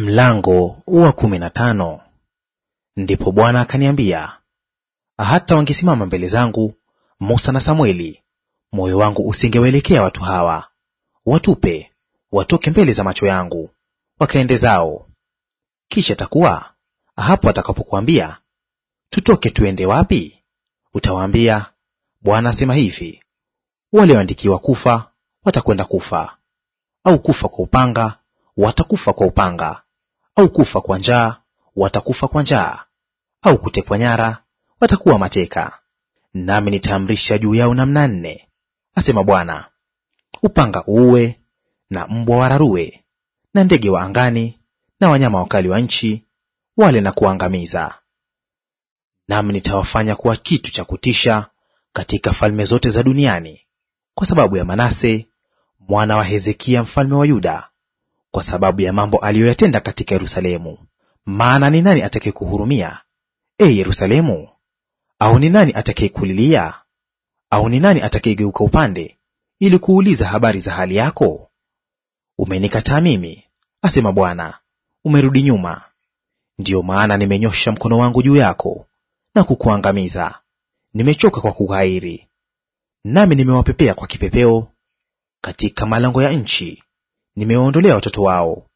Mlango wa kumi na tano. Ndipo Bwana akaniambia, hata wangesimama mbele zangu Musa na Samueli, moyo wangu usingewelekea watu hawa; watupe watoke mbele za macho yangu, wakaende zao. Kisha takuwa hapo atakapokuambia, tutoke tuende wapi? Utawaambia, Bwana asema hivi, walioandikiwa kufa watakwenda kufa, au kufa kwa upanga watakufa kwa upanga au kufa kwa njaa, watakufa kwa njaa; au kutekwa nyara, watakuwa mateka. Nami nitaamrisha juu yao namna nne, asema Bwana: upanga uue, na mbwa wararue, na ndege wa angani, na wanyama wakali wa nchi, wale na kuangamiza. Nami nitawafanya kuwa kitu cha kutisha katika falme zote za duniani, kwa sababu ya Manase mwana wa Hezekia mfalme wa Yuda, kwa sababu ya mambo aliyoyatenda katika Yerusalemu. Maana ni nani atakayekuhurumia, e Yerusalemu? Au ni nani atakayekulilia? Au ni nani atakayegeuka upande ili kuuliza habari za hali yako? Umenikataa mimi, asema Bwana, umerudi nyuma. Ndiyo maana nimenyosha mkono wangu juu yako na kukuangamiza, nimechoka kwa kughairi. Nami nimewapepea kwa kipepeo katika malango ya nchi nimewaondolea watoto wao,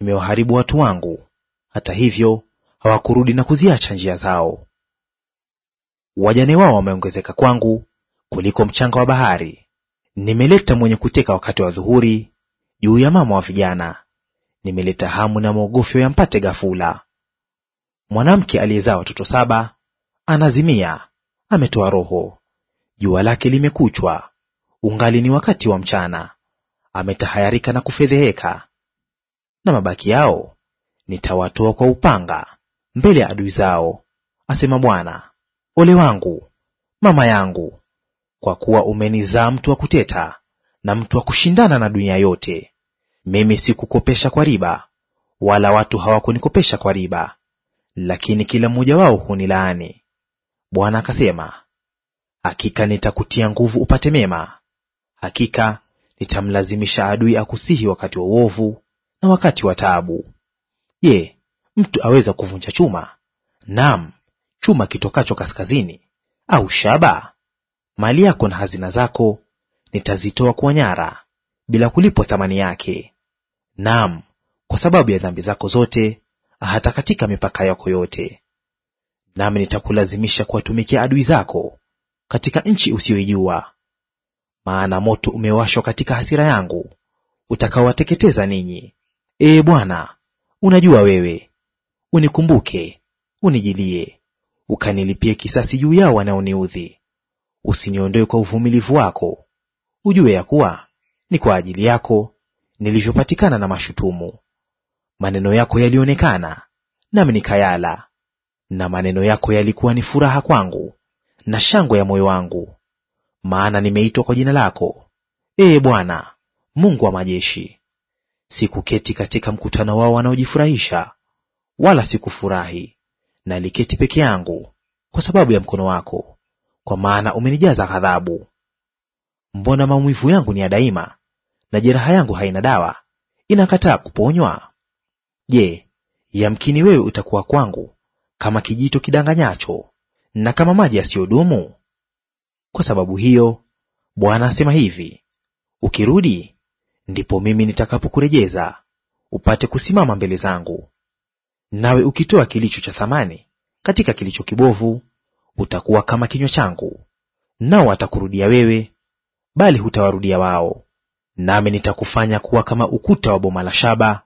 nimewaharibu watu wangu; hata hivyo hawakurudi na kuziacha njia zao. Wajane wao wameongezeka kwangu kuliko mchanga wa bahari. Nimeleta mwenye kuteka wakati wa dhuhuri juu ya mama wa vijana, nimeleta hamu na maogofyo yampate ghafula. Mwanamke aliyezaa watoto saba anazimia, ametoa roho; jua lake limekuchwa, ungali ni wakati wa mchana ametahayarika na kufedheheka, na mabaki yao nitawatoa kwa upanga mbele ya adui zao, asema Bwana. Ole wangu, mama yangu, kwa kuwa umenizaa mtu wa kuteta na mtu wa kushindana na dunia yote. Mimi sikukopesha kwa riba, wala watu hawakunikopesha kwa riba, lakini kila mmoja wao hunilaani. Bwana akasema, hakika nitakutia nguvu upate mema, hakika Nitamlazimisha adui akusihi wakati wa uovu na wakati wa taabu. Je, mtu aweza kuvunja chuma? Naam, chuma kitokacho kaskazini, au shaba? Mali yako na hazina zako nitazitoa kwa nyara, bila kulipwa thamani yake. Naam, kwa sababu ya dhambi zako zote, hata katika mipaka yako yote. Nami nitakulazimisha kuwatumikia adui zako katika nchi usiyoijua, maana moto umewashwa katika hasira yangu utakaowateketeza ninyi. Ee Bwana, unajua wewe, unikumbuke, unijilie, ukanilipie kisasi juu yao wanaoniudhi. Usiniondoe kwa uvumilivu wako, ujue ya kuwa ni kwa ajili yako nilivyopatikana na mashutumu. Maneno yako yalionekana, nami nikayala, na maneno yako yalikuwa ni furaha kwangu na shangwe ya moyo wangu maana nimeitwa kwa jina lako, Ee Bwana Mungu wa majeshi. Sikuketi katika mkutano wao wanaojifurahisha, wala sikufurahi; naliketi peke yangu kwa sababu ya mkono wako, kwa maana umenijaza ghadhabu. Mbona maumivu yangu ni ya daima, na jeraha yangu haina dawa, inakataa kuponywa? Je, yamkini wewe utakuwa kwangu kama kijito kidanganyacho, na kama maji yasiyodumu? Kwa sababu hiyo Bwana asema hivi, ukirudi ndipo mimi nitakapokurejeza upate kusimama mbele zangu. Nawe ukitoa kilicho cha thamani katika kilicho kibovu, utakuwa kama kinywa changu, nao watakurudia wewe, bali hutawarudia wao. Nami nitakufanya kuwa kama ukuta wa boma la shaba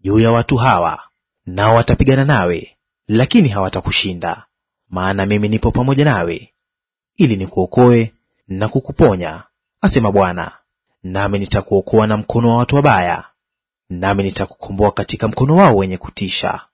juu ya watu hawa, nao watapigana nawe, lakini hawatakushinda, maana mimi nipo pamoja nawe ili nikuokoe na kukuponya, asema Bwana. Nami nitakuokoa na mkono wa watu wabaya, nami nitakukomboa katika mkono wao wenye kutisha.